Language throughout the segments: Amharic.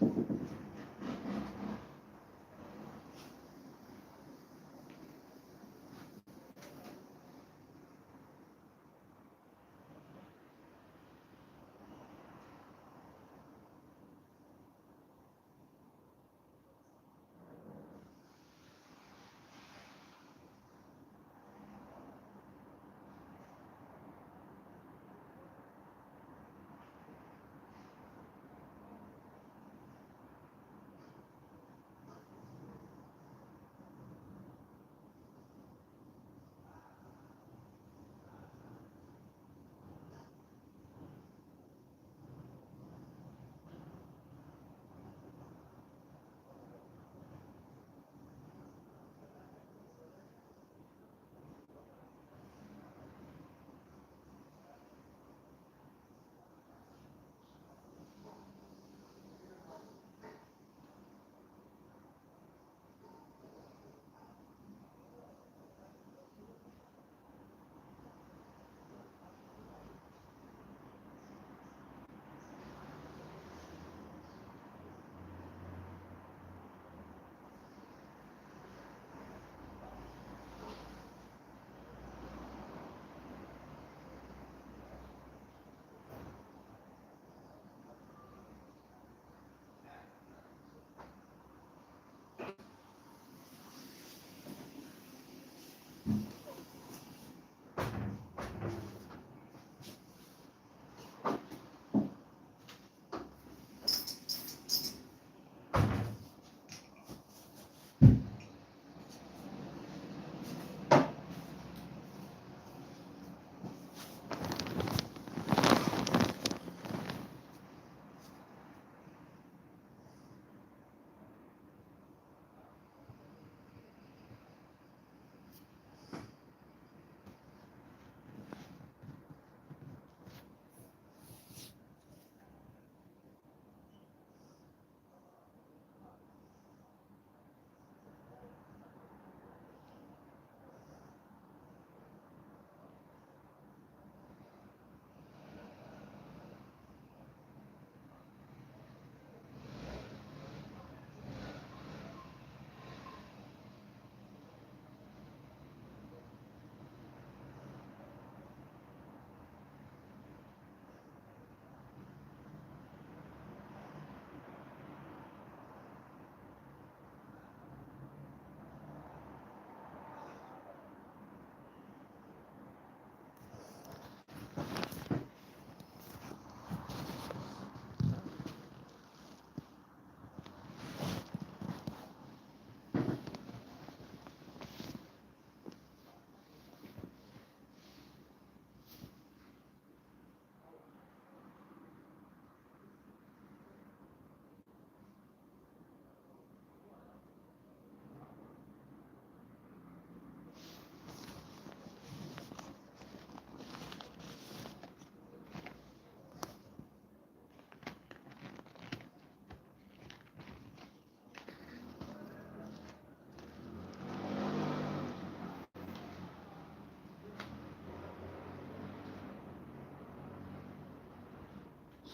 Thank you.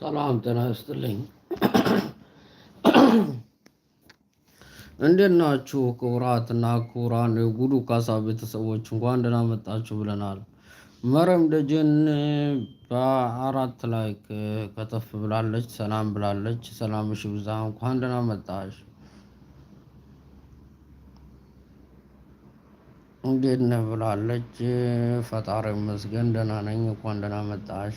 ሰላም ጤና ይስጥልኝ። እንዴት ናችሁ? ክቡራትና ክቡራን የጉዱ ካሳ ቤተሰቦች እንኳን ደህና መጣችሁ ብለናል። መረም ደጀን በአራት ላይ ከተፍ ብላለች፣ ሰላም ብላለች። ሰላምሽ ብዛ፣ እንኳን ደህና መጣሽ። እንዴት ነህ ብላለች። ፈጣሪ መስገን ደህና ነኝ፣ እንኳን ደህና መጣሽ።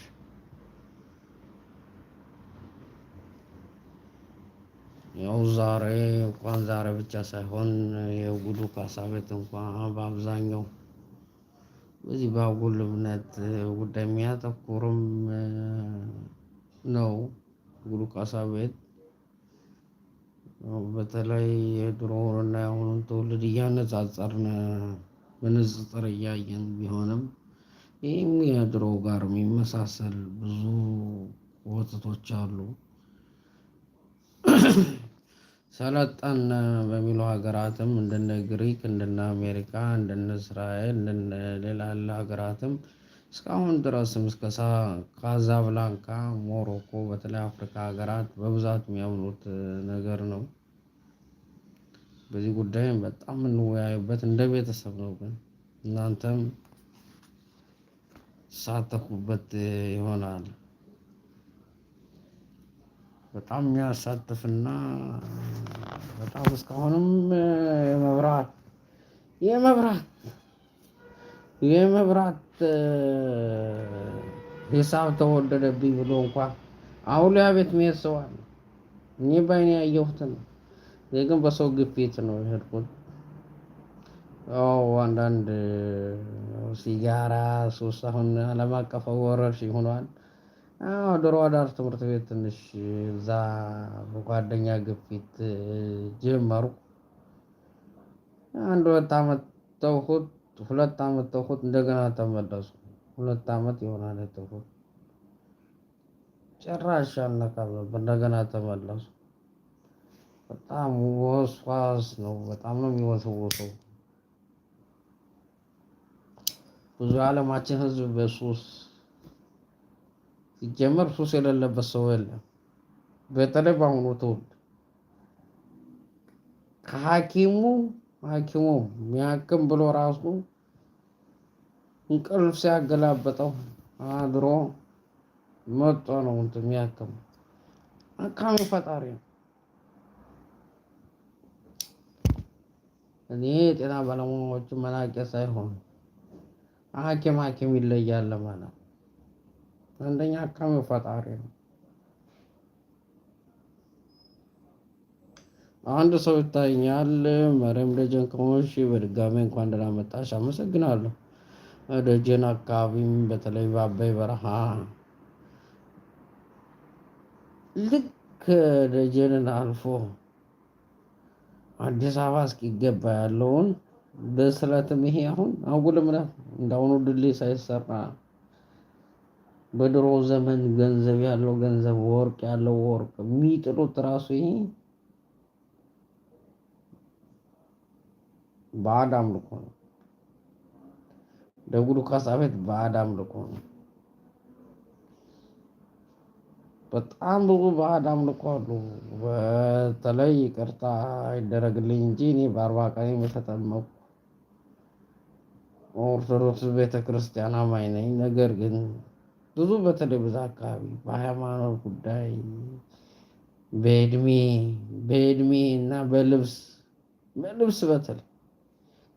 ያው ዛሬ እንኳን ዛሬ ብቻ ሳይሆን የጉዱ ካሳ ቤት እንኳን በአብዛኛው በዚህ በአጉል እምነት ጉዳይ የሚያተኩርም ነው። ጉዱ ካሳ ቤት በተለይ የድሮውንና የአሁኑን ትውልድ እያነጻጸርን በንጽጽር እያየን ቢሆንም ይህም የድሮ ጋር የሚመሳሰል ብዙ ወጥቶች አሉ። ሰለጠን በሚሉ ሀገራትም እንደነ ግሪክ እንደነ አሜሪካ እንደነ እስራኤል እንደነ ሌላ ሀገራትም እስካሁን ድረስም እስከ ካዛብላንካ ሞሮኮ በተለይ አፍሪካ ሀገራት በብዛት የሚያምኑት ነገር ነው። በዚህ ጉዳይም በጣም እንወያዩበት እንደ ቤተሰብ ነው። ግን እናንተም ሳተኩበት ይሆናል። በጣም የሚያሳትፍና በጣም እስካሁንም የመብራት የመብራት የመብራት ሂሳብ ተወደደብኝ ብሎ እንኳን አውሊያ ቤት መሄድ ሰው አለ። እኔ ባይኔ ያየሁት ነው፣ ግን በሰው ግፊት ነው የሄድኩት። አንዳንድ ሲጋራ ሱስ አሁን ዓለም አቀፍ ወረርሽኝ ሆኗል። ዶሮ አዳር ትምህርት ቤት ትንሽ እዛ በጓደኛ ግፊት ጀመሩ። አንድ ሁለት ዓመት ተውኩት፣ ሁለት ዓመት ተውኩት፣ እንደገና ተመለሱ። ሁለት ዓመት ይሆናል ተውኩት። ጭራሽ አልነካም እንደገና ተመለሱ። በጣም ወስዋስ ነው፣ በጣም ነው የሚወሰወሰው። ብዙ የዓለማችን ህዝብ በሱስ ሲጀመር ሱስ የሌለበት ሰው የለም። በተለይ በአሁኑ ትውልድ ከሐኪሙ ሐኪሙ ሚያክም ብሎ ራሱ እንቅልፍ ሲያገላበጠው አድሮ መጦ ነው እንትን ሚያክም አካሚ ፈጣሪ ነው። እኔ የጤና ባለሙያዎችን መናቄ ሳይሆን ሐኪም ሐኪም ይለያል ለማለት አንደኛ አካሚ ፈጣሪ ነው። አንድ ሰው ይታየኛል መሪም ደጀን ከሆንሽ በድጋሚ እንኳን ደህና መጣሽ። አመሰግናለሁ። ደጀን አካባቢም በተለይ በአባይ በረሃ ልክ ደጀንን አልፎ አዲስ አበባ እስኪገባ ያለውን በስለትም ይሄ አሁን አጉል እምነት እንዳሁኑ ድሌ ሳይሰራ በድሮ ዘመን ገንዘብ ያለው ገንዘብ፣ ወርቅ ያለው ወርቅ የሚጥሉት ራሱ ይሄ ባዕድ አምልኮ ነው። ደጉዱ ካሳ ቤት ባዕድ አምልኮ ነው። በጣም ብዙ ባዕድ አምልኮ አሉ። በተለይ ቅርታ ይደረግልኝ እንጂ እኔ በአርባ ቀን የተጠመቁ ኦርቶዶክስ ቤተክርስቲያን አማኝ ነኝ። ነገር ግን ብዙ በተለይ ብዙ አካባቢ በሃይማኖት ጉዳይ በእድሜ በእድሜ እና በልብስ በልብስ በተለይ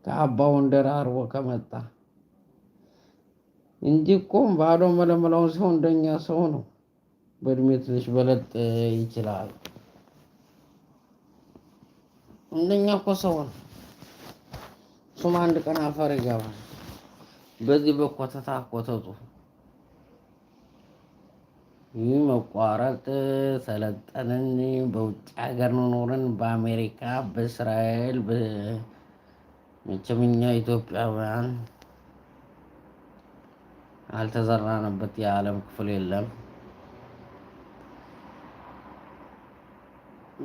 ከአባውን ደራርቦ ከመጣ እንጂ ቆም ባዶ መለመላውን ሲሆን እንደኛ ሰው ነው። በእድሜ ትንሽ በለጥ ይችላል። እንደኛ እኮ ሰው ነው። እሱም አንድ ቀን አፈር ይገባል። በዚህ በኮተታ ኮተጡ ይህ መቋረጥ ሰለጠንን፣ በውጭ ሀገር ኖርን፣ በአሜሪካ፣ በእስራኤል መቸምኛ ኢትዮጵያውያን አልተዘራንበት የዓለም ክፍል የለም።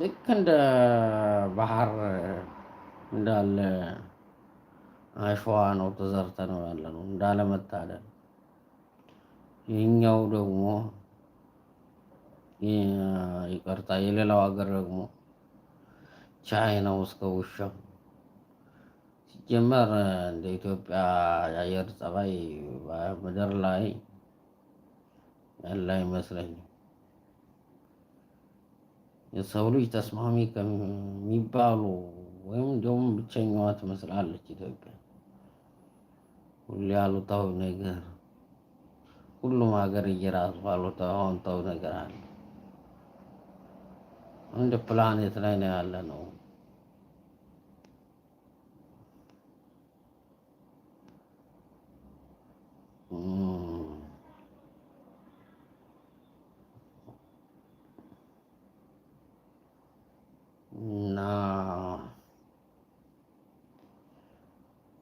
ልክ እንደ ባህር እንዳለ አሸዋ ነው ተዘርተነው ያለ ነው እንዳለመታደል ይህኛው ደግሞ ይቅርታ፣ የሌላው ሀገር ደግሞ ቻይና እስከ ውሻ ሲጀመር እንደ ኢትዮጵያ የአየር ጸባይ ምድር ላይ ያለ አይመስለኝም። የሰው ልጅ ተስማሚ ከሚባሉ ወይም ደግሞ ብቸኛዋ ትመስላለች ኢትዮጵያ። ሁሌ አሉታዊ ነገር፣ ሁሉም ሀገር እየራሱ አሉታዊ አዎንታዊ ነገር አለ። አንድ ፕላኔት ላይ ነው ያለ ነው።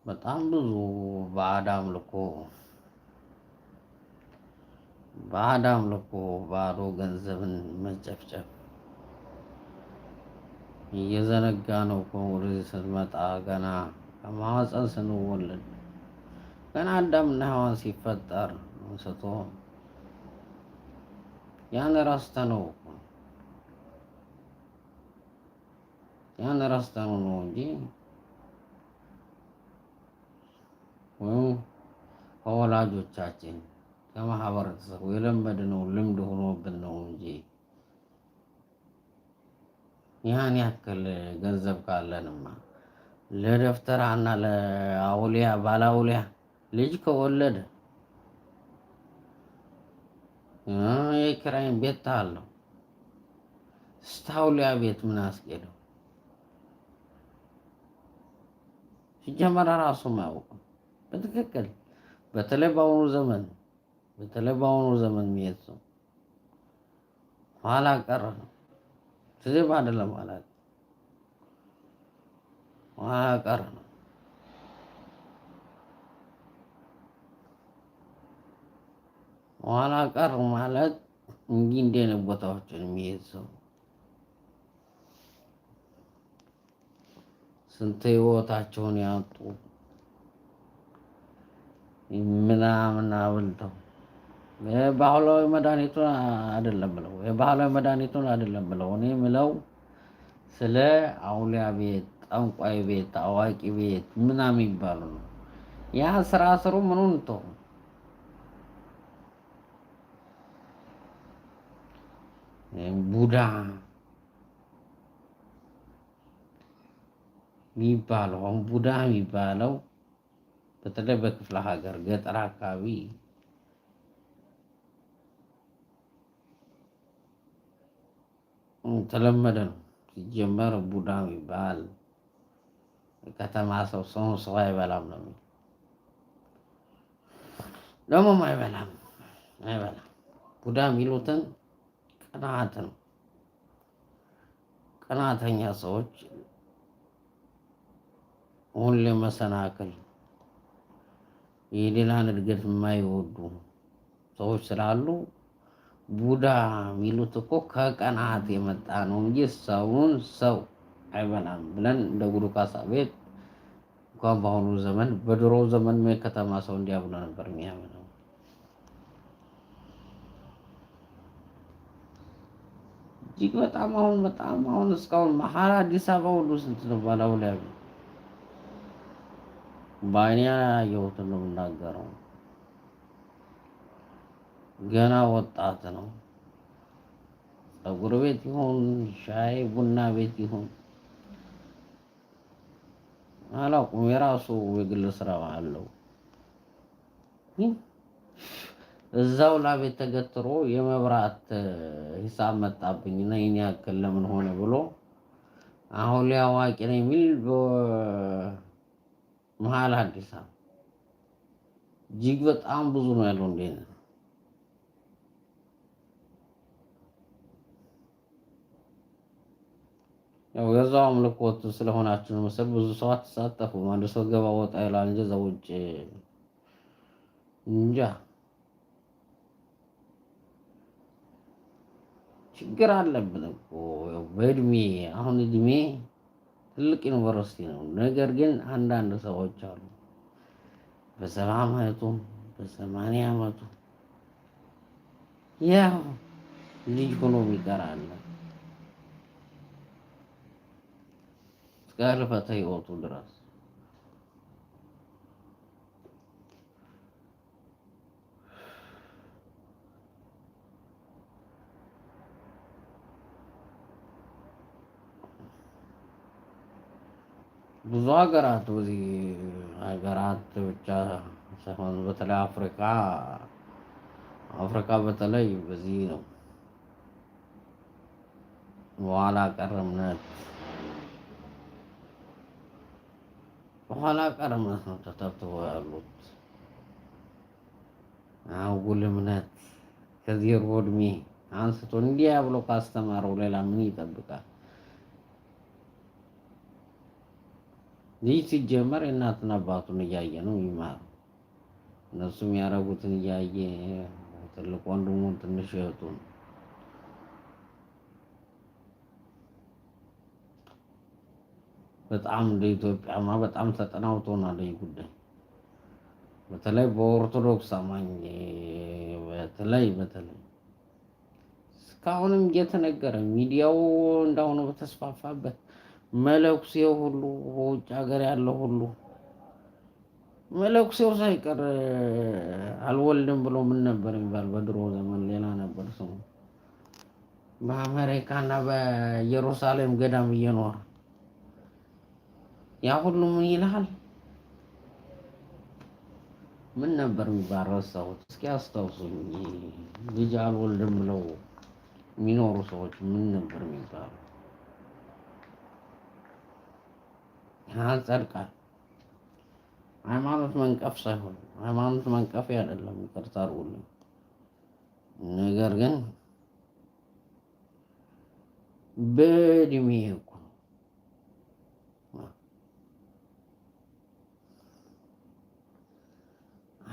በጣም ብዙ ባዕድ አምልኮ ባዕድ አምልኮ ባዶ ገንዘብን መጨፍጨፍ እየዘነጋ ነው እኮ ስትመጣ ገና ከማህፀን ስንወለድ ገና አዳምና ሔዋን ሲፈጠር አንስቶ ያን ረስተነው ያን ረስተነው ነው እንጂ ወይም ከወላጆቻችን ከማህበረተሰቡ የለመድነው ልምድ ሆኖብን ነው እንጂ ያን ያክል ገንዘብ ካለንማ ለደፍተራና ለአውሊያ ባላውሊያ ልጅ ከወለደ የኪራይን ቤት ታለው ስታውሊያ ቤት ምን አስጌደው? ሲጀመር ራሱ አያውቅም በትክክል በተለይ በአሁኑ ዘመን በተለይ በአሁኑ ዘመን ሚሄድ ሰው ኋላ ቀረ ነው። ትብ አይደለም ማለት ማቀር ነው። ኋላ ቀር ማለት እንዲህ እንደነ ቦታዎችን የሚሄድ ሰው ስንት ህይወታቸውን ያጡ ምናምን አብልተው የባህላዊ መድኃኒቱን አይደለም ብለው የባህላዊ መድኃኒቱን አይደለም ብለው እኔ የምለው ስለ አውሊያ ቤት፣ ጠንቋይ ቤት፣ አዋቂ ቤት ምናምን የሚባሉ ነው። ያ ስራ ስሩ ምኑን ቡዳ የሚባለው አሁን ቡዳ የሚባለው በተለይ በክፍለ ሀገር ገጠር አካባቢ ተለመደ ነው ሲጀመር። ቡዳ የሚባል ከተማ ሰው ሰው ሰው አይበላም ነው ደግሞ አይበላም አይበላም። ቡዳ የሚሉትን ቅናት ነው። ቅናተኛ ሰዎች ሁሌ መሰናክል፣ የሌላን እድገት የማይወዱ ሰዎች ስላሉ ቡዳ የሚሉት እኮ ከቀናት የመጣ ነው እንጂ ሰውን ሰው አይበላም ብለን እንደ ጉዱ ካሳ ቤት እንኳን በአሁኑ ዘመን በድሮ ዘመን የከተማ ሰው እንዲያ ብሎ ነበር የሚያምነው። እጅግ በጣም አሁን በጣም አሁን እስካሁን መሀል አዲስ አበባ ሁሉ ስንት ነው ባላው ላይ በአይኔ ያየሁትን ነው የምናገረው። ገና ወጣት ነው። ፀጉር ቤት ይሁን ሻይ ቡና ቤት ይሁን አላውቅም፣ የራሱ የግል ስራ አለው። እዛው ላቤት ተገትሮ የመብራት ሂሳብ መጣብኝ እና ይህን ያክል ለምን ሆነ ብሎ አሁን ላይ አዋቂ ነው የሚል መሀል አዲስ አበባ እጅግ በጣም ብዙ ነው ያለው እንዴ ያው የዛው አምልኮት ስለሆናችሁ መሰል ብዙ ሰው አትሳተፉም። አንድ ሰው ገባ ወጣ ይላል እንጂ እዛ ውጭ እንጃ ችግር አለብን እኮ በእድሜ አሁን እድሜ ትልቅ ዩኒቨርሲቲ ነው። ነገር ግን አንዳንድ ሰዎች አሉ በሰባ አመቱ በሰማንያ አመቱ ያው ልጅ ሆኖ ይቀራል። እስከ ህልፈተ ህይወቱ ድረስ ብዙ ሀገራት በዚህ ሀገራት ብቻ ሳይሆን በተለይ አፍሪካ አፍሪካ በተለይ በዚህ ነው በኋላ ቀርነት በኋላ ቀር እምነት ነው ያሉት አጉል እምነት ከዜሮ እድሜ አንስቶ እንዲያ ብሎ ካስተማረው ሌላ ምን ይጠብቃል? ይህ ሲጀመር የእናትን አባቱን እያየ ነው ይማር። እነሱም ያረጉትን እያየ ትልቅ ወንድሙን ትንሽ እህቱን በጣም እንደ ኢትዮጵያማ በጣም ተጠናውቶናል ይህ ጉዳይ በተለይ በኦርቶዶክስ አማኝ በተለይ በተለይ እስካሁንም እየተነገረ ሚዲያው እንዳሁኑ በተስፋፋበት መለኩሴው ሁሉ በውጭ ሀገር ያለው ሁሉ መለኩሴው ሳይቀር አልወልድም ብሎ ምን ነበር የሚባል በድሮ ዘመን ሌላ ነበር ስሙ። በአሜሪካና በኢየሩሳሌም ገዳም እየኖረ ያ ሁሉ ምን ይልሃል? ምን ነበር የሚባለው? ሰው እስኪ አስታውሱኝ። ልጅ አልወልድም ብለው የሚኖሩ ሰዎች ምን ነበር የሚባለው? ያጸድቃል። ሃይማኖት መንቀፍ ሳይሆን ሃይማኖት መንቀፍ አይደለም፣ ይቅርታ አድርጉልኝ። ነገር ግን በእድሜው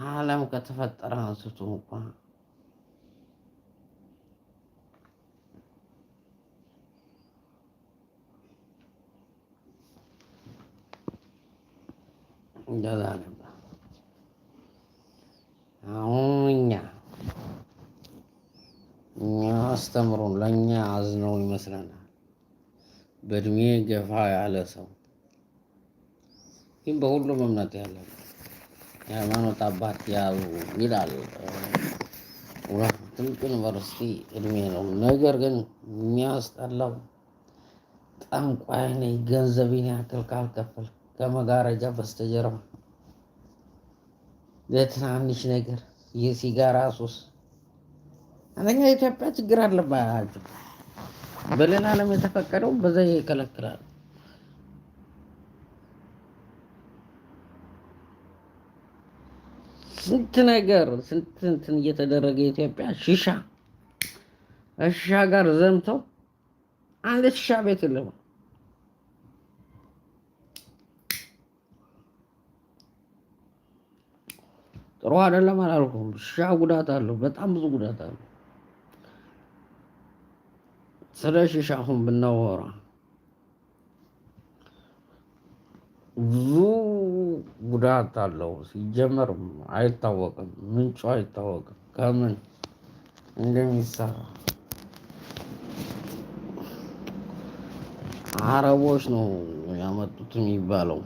ዓለም ከተፈጠረ አንስቶ እንኳ እንደዛ ነበር። አሁን እኛ እኛ አስተምሮን ለእኛ አዝነው ይመስለናል። በእድሜ ገፋ ያለ ሰው ግን በሁሉም እምነት ያለ የሃይማኖት አባት ያሉ ይላል። ትልቅ ዩኒቨርሲቲ እድሜ ነው። ነገር ግን የሚያስጠላው ጠንቋይ ነኝ፣ ገንዘብን ያክል ካልከፈል ከመጋረጃ በስተጀርባ ለትናንሽ ነገር የሲጋራ ሱስ። አንደኛ ኢትዮጵያ ችግር አለባቸው። በሌላ ዓለም የተፈቀደው በዛ ይከለክላል። ስንት ነገር ስንት እንትን እየተደረገ ኢትዮጵያ ሺሻ ሺሻ ጋር ዘምተው አንድ ሺሻ ቤት የለም። ጥሩ አይደለም አላልኩም። ሺሻ ጉዳት አለው፣ በጣም ብዙ ጉዳት አለው። ስለ ሺሻ አሁን ብናወራ ብዙ ጉዳት አለው። ሲጀመርም አይታወቅም፣ ምንጩ አይታወቅም፣ ከምን እንደሚሰራ አረቦች ነው ያመጡት የሚባለው።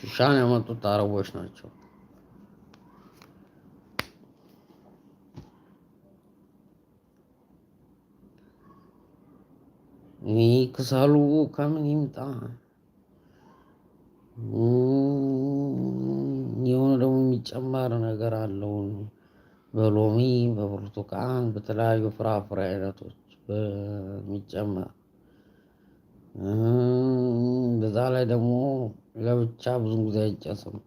ሽሻን ያመጡት አረቦች ናቸው። ክሳሉ ከምን ይምጣ? የሆነ ደግሞ የሚጨመር ነገር አለው በሎሚ በብርቱካን በተለያዩ ፍራፍሬ አይነቶች በሚጨመር በዛ ላይ ደግሞ ለብቻ ብዙ ጊዜ አይጨስም።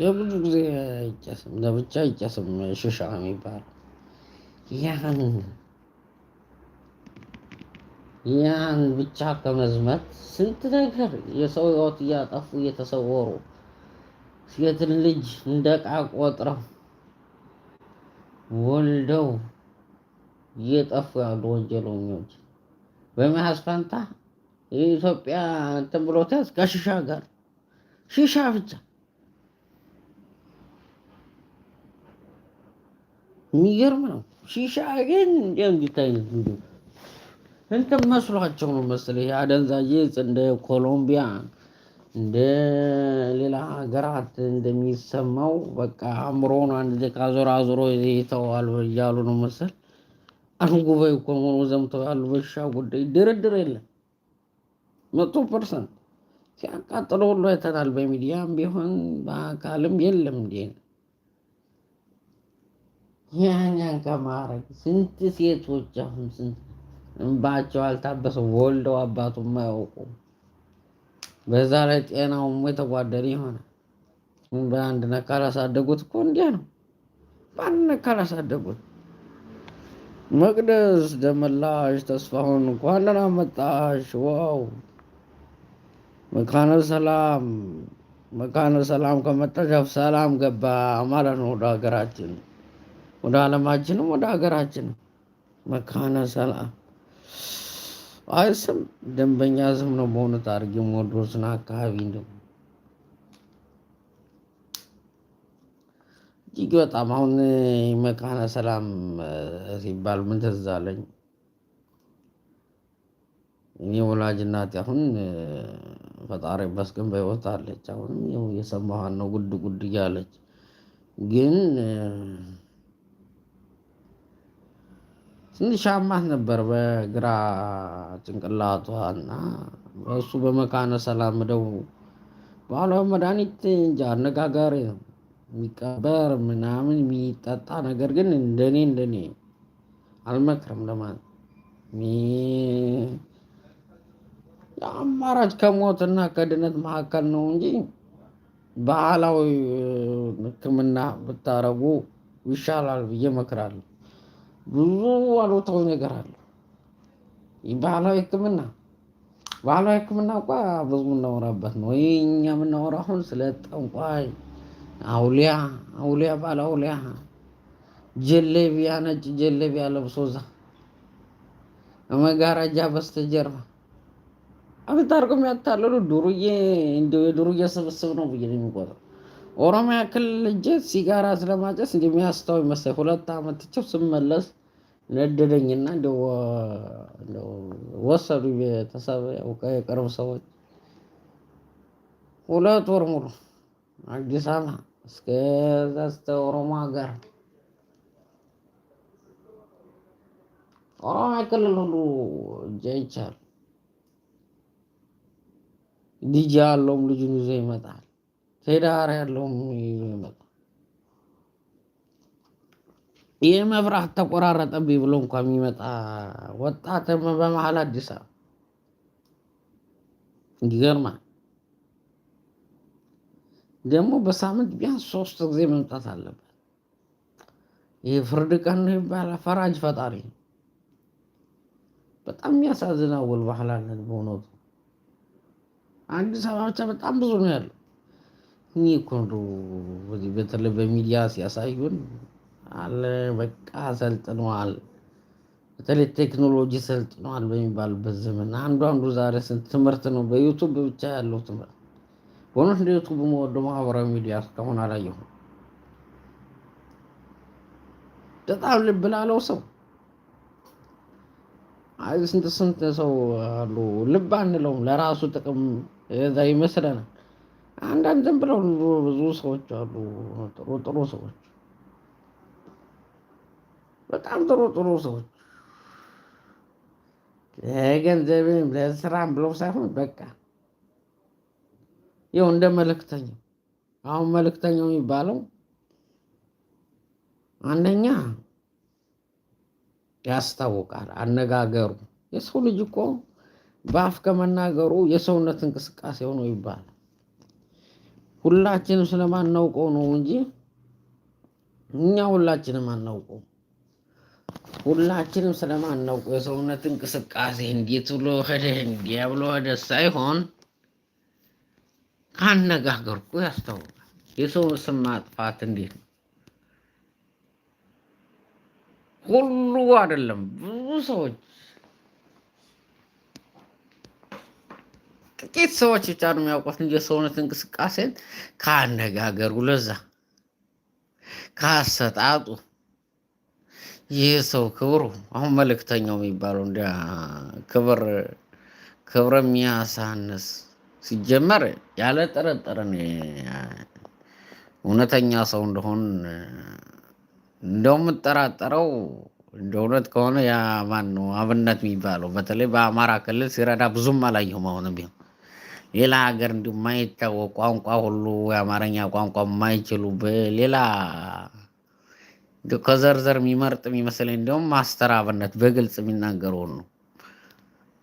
የብዙ ጊዜ አይጨስም፣ ለብቻ አይጨስም። ሽሻ የሚባል ያን ያን ብቻ ከመዝመት ስንት ነገር የሰው ህይወት እያጠፉ እየተሰወሩ ሴትን ልጅ እንደ ዕቃ ቆጥረው ወልደው እየጠፉ ያሉ ወንጀለኞች በመያዝ ፈንታ የኢትዮጵያ እንትን ብሎ ከሽሻ ጋር ሽሻ ብቻ የሚገርም ነው። ሺሻ ግን እንዲት አይነት እንዲ እንትን መስሏቸው ነው መሰለኝ ይሄ አደንዛዥ ዕፅ እንደ ኮሎምቢያ እንደ ሌላ ሀገራት እንደሚሰማው በቃ አእምሮን አንድ ደቃ ዞር አዞሮ ይተዋል እያሉ ነው መሰል። አሁን ጉባኤ እኮ መሆኑ ዘምተው ያሉ በሻ ጉዳይ ድርድር የለም። መቶ ፐርሰንት ሲያቃጥለው ሁሉ አይተናል። በሚዲያም ቢሆን በአካልም የለም እንዲህ ያን ያን ከማረግ ስንት ሴቶች አሁን ስንት እንባቸው አልታበሰው ወልደው አባቱ የማያውቁ በዛ ላይ ጤናውም የተጓደለ ይሆናል። በአንድ ነካ ካላሳደጉት እኮ እንዲያ ነው። በአንድ ነካ ካላሳደጉት መቅደስ ደመላሽ ተስፋሁን እንኳን ደህና መጣሽ። ዋው መካነ ሰላም መካነ ሰላም ከመጣሽ ሰላም ገባ ማለት ነው ወደ ሀገራችን ወደ ዓለማችንም ወደ ሀገራችንም መካነ ሰላም አይ ስም ደንበኛ ስም ነው። በሆነ ታርጊ ሞዶስና አካባቢ ነው። እጅግ በጣም አሁን መካነ ሰላም ሲባል ምን ትዝ አለኝ። እኔ ወላጅ እናቴ አሁን ፈጣሪ ይመስገን በሕይወት አለች። አሁንም የሰማኋት ነው ጉድ ጉድ እያለች ግን ትንሽ አማት ነበር በግራ ጭንቅላቷ እና እሱ በመካነ ሰላም ደው ባሏ መድኃኒት እንጂ አነጋጋሪ ነው የሚቀበር ምናምን የሚጠጣ ነገር ግን እንደኔ እንደኔ አልመክርም። ለማን አማራጭ ከሞትና ከድነት መካከል ነው እንጂ ባህላዊ ሕክምና ብታረጉ ይሻላል ብዬ እመክራለሁ። ብዙ አሎታዊ ነገር አለ። ባህላዊ ሕክምና ባህላዊ ሕክምና እንኳ ብዙ የምናወራበት ነው። ይህ እኛ የምናወራ አሁን ስለ ጠንቋይ አውሊያ፣ አውሊያ ባለ አውሊያ ጀለቢያ፣ ነጭ ጀለቢያ ለብሶ እዛ መጋረጃ በስተጀርባ አብታርቁ የሚያታለሉ ዱሩዬ እንደው ስብስብ ነው ብዬ ነው የሚቆጥረው። ኦሮሚያ ክልል እጄ ሲጋራ ስለማጨስ እንደሚያስተው መሰለኝ ሁለት ዓመት ትቼው ስመለስ ነደደኝና ወሰዱ ቤተሰብ የቅርብ ሰዎች ሁለት ወር ሙሉ አዲስ አበባ እስከዛ እስከ ኦሮሞ ሀገር ኦሮሚያ ክልል ሁሉ እጄ ይቻል ልጅ ያለውም ልጁን ይዞ ይመጣል። ቴዳር ያለው ይህ መብራት ተቆራረጠብኝ ብሎ እንኳ የሚመጣ ወጣት በመሀል አዲስ አበባ ይገርማል። ደግሞ በሳምንት ቢያንስ ሶስት ጊዜ መምጣት አለበት። ይህ ፍርድ ቀን ነው ይባላል። ፈራጅ ፈጣሪ ነው። በጣም የሚያሳዝን አወል ባህል አለን። በእውነቱ አዲስ አበባ ብቻ በጣም ብዙ ነው ያለው። እኔ እኮ እንደው በተለይ በሚዲያ ሲያሳዩን አለ በቃ ሰልጥነዋል፣ በተለይ ቴክኖሎጂ ሰልጥነዋል በሚባልበት ዘመን አንዱ አንዱ ዛሬ ስንት ትምህርት ነው በዩቱብ ብቻ ያለው ትምህርት። በሆነ እንደ ዩቱብ የምወደው ማህበራዊ ሚዲያ እስካሁን አላየሁም። በጣም ልብ ላለው ሰው አይ ስንት ስንት ሰው አሉ ልብ አንለውም፣ ለራሱ ጥቅም ይመስለናል። አንዳንድ ዝም ብለው ብዙ ሰዎች አሉ፣ ጥሩ ጥሩ ሰዎች፣ በጣም ጥሩ ጥሩ ሰዎች ለገንዘብም ለስራም ብለው ሳይሆን በቃ ይኸው እንደ መልእክተኛው። አሁን መልእክተኛው የሚባለው አንደኛ ያስታውቃል አነጋገሩ። የሰው ልጅ እኮ በአፍ ከመናገሩ የሰውነት እንቅስቃሴ ሆኖ ይባላል። ሁላችንም ስለማናውቀው ነው እንጂ እኛ ሁላችንም አናውቀው። ሁላችንም ስለማናውቀው የሰውነት እንቅስቃሴ እንዴት ብሎ ሄደ እንዲያ ብሎ ወደ ሳይሆን ካነጋገርኩ ያስታውቃል። የሰውን ስም ማጥፋት እንዴት ነው? ሁሉ አይደለም ብዙ ሰዎች ጥቂት ሰዎች ብቻ ነው የሚያውቁት እንጂ የሰውነት እንቅስቃሴን ከአነጋገሩ ለዛ ከአሰጣጡ ይህ ሰው ክብሩ አሁን መልእክተኛው የሚባለው እንደ ክብር ክብር የሚያሳንስ ሲጀመር ያለ ጥርጥርን እውነተኛ ሰው እንደሆን እንደው የምጠራጠረው እንደ እውነት ከሆነ ያ ማን ነው አብነት የሚባለው በተለይ በአማራ ክልል ሲረዳ ብዙም አላየሁም። አሁንም ቢሆን ሌላ ሀገር እንዲሁ የማይታወቅ ቋንቋ ሁሉ የአማርኛ ቋንቋ የማይችሉ ሌላ ከዘርዘር የሚመርጥ የሚመስለኝ እንዲሁም ማስተር አብነት በግልጽ የሚናገር ሁሉ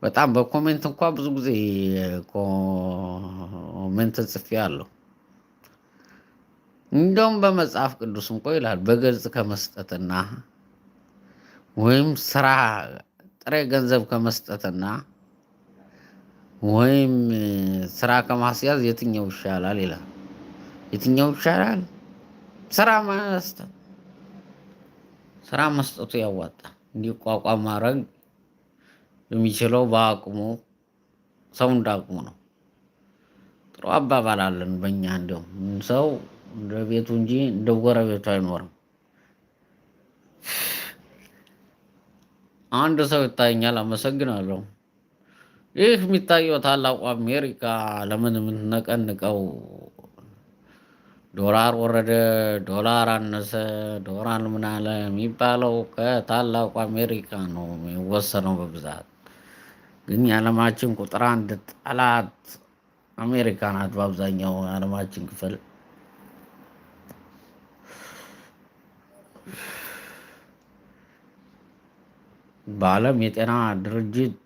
በጣም በኮሜንት እንኳ ብዙ ጊዜ ኮሜንት ጽፌ አለሁ። እንደውም በመጽሐፍ ቅዱስ እንኳ ይላል በግልጽ ከመስጠትና ወይም ስራ ጥሬ ገንዘብ ከመስጠትና ወይም ስራ ከማስያዝ የትኛው ይሻላል ይላል። የትኛው ይሻላል? ስራ መስጠት። ስራ መስጠቱ ያዋጣ እንዲቋቋም ማድረግ የሚችለው በአቅሙ ሰው እንዳቁሙ ነው። ጥሩ አባባል አለን በእኛ እንዲሁም ሰው እንደ ቤቱ እንጂ እንደ ጎረቤቱ አይኖርም። አንድ ሰው ይታየኛል፣ አመሰግናለሁ ይህ የሚታየው ታላቁ አሜሪካ ለምን የምትነቀንቀው? ዶላር ወረደ፣ ዶላር አነሰ፣ ዶላር ምን አለ የሚባለው ከታላቁ አሜሪካ ነው የሚወሰነው በብዛት ግን የዓለማችን ቁጥር አንድ ጠላት አሜሪካ ናት። በአብዛኛው የዓለማችን ክፍል በዓለም የጤና ድርጅት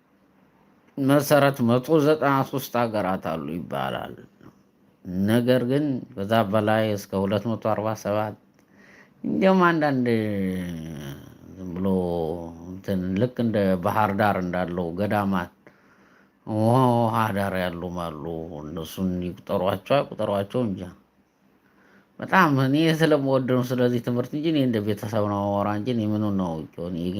መሰረት መቶ ዘጠና ሶስት ሀገራት አሉ ይባላል። ነገር ግን በዛ በላይ እስከ ሁለት መቶ አርባ ሰባት እንዲሁም አንዳንድ ዝም ብሎ እንትን ልክ እንደ ባህር ዳር እንዳለው ገዳማት ውሃ ዳር ያሉም አሉ። እነሱን ይቁጠሯቸው አይቁጠሯቸው እንጂ በጣም እኔ ስለምወድ ስለዚህ ትምህርት እንጂ እኔ እንደ ቤተሰብ ነው አወራ እንጂ ምኑ ነው ይሄ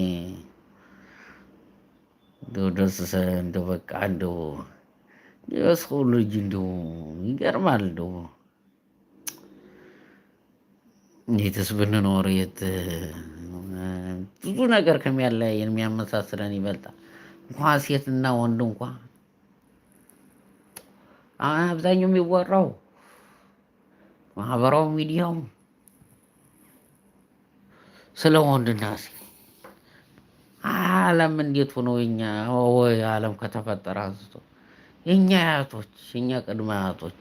ደስ እንደ በቃ እንደ የሰው ልጅ እንደ ይገርማል። እንደ የትስ ብንኖር የት ብዙ ነገር ከሚያለያየን የሚያመሳስለን ይበልጣል። ሴት እና ወንድ እንኳ አብዛኛው የሚወራው ማህበራዊ ሚዲያው ስለ ወንድና ሴት ዓለም እንዴት ሆኖ እኛ ወይ ዓለም ከተፈጠረ አንስቶ የኛ አያቶች እኛ ቅድመ አያቶች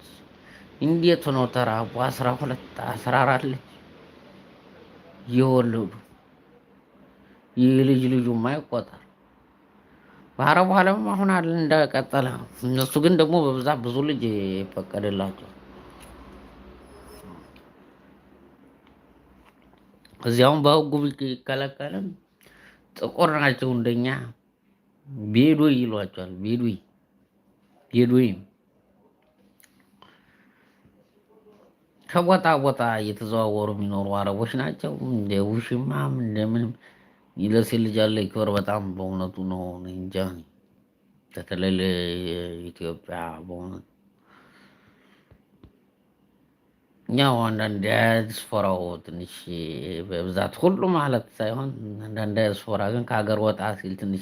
እንዴት ሆኖ ተራቡ አስራ ሁለት አስራ አራት ልጅ የወለዱ ይህ ልጅ ልጁማ ይቆጠር። በአረቡ ዓለም አሁን አለ እንደቀጠለ። እነሱ ግን ደግሞ በብዛት ብዙ ልጅ ይፈቀድላቸው። እዚያውም በህጉ ይከለከልም ጥቁር ናቸው እንደኛ ቤዶይ ይሏቸዋል። ቤዶይ ቤዶይም ከቦታ ቦታ እየተዘዋወሩ የሚኖሩ አረቦች ናቸው። እንደ ውሽማም እንደምንም ይለሴት ልጅ ያለ ይክበር በጣም በእውነቱ ነው እንጃ በተለይ ኢትዮጵያ በእውነት እኛ አንዳንድ ዳያስፖራው ትንሽ በብዛት ሁሉ ማለት ሳይሆን አንዳንድ ዳያስፖራ ግን ከሀገር ወጣ ሲል ትንሽ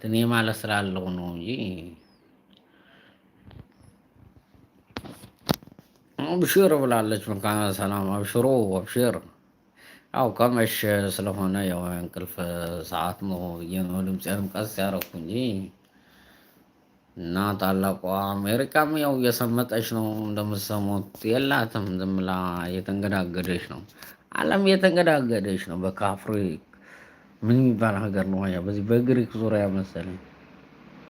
ትኔ ማለት ስላለው ነው እንጂ አብሽር ብላለች። መካነ ሰላም አብሽሮ አብሽር። አው ከመሸ ስለሆነ ያው ሰዓት ነው ነው ድምፄንም ቀስ ያደረኩ እንጂ እና ታላቋ አሜሪካም ያው እየሰመጠች ነው እንደምሰሙት የላትም። ዝምላ እየተንገዳገደች ነው። ዓለም እየተንገዳገደች ነው። በካፍሪ ምን የሚባል ሀገር ነው? በዚህ በግሪክ ዙሪያ መሰለኝ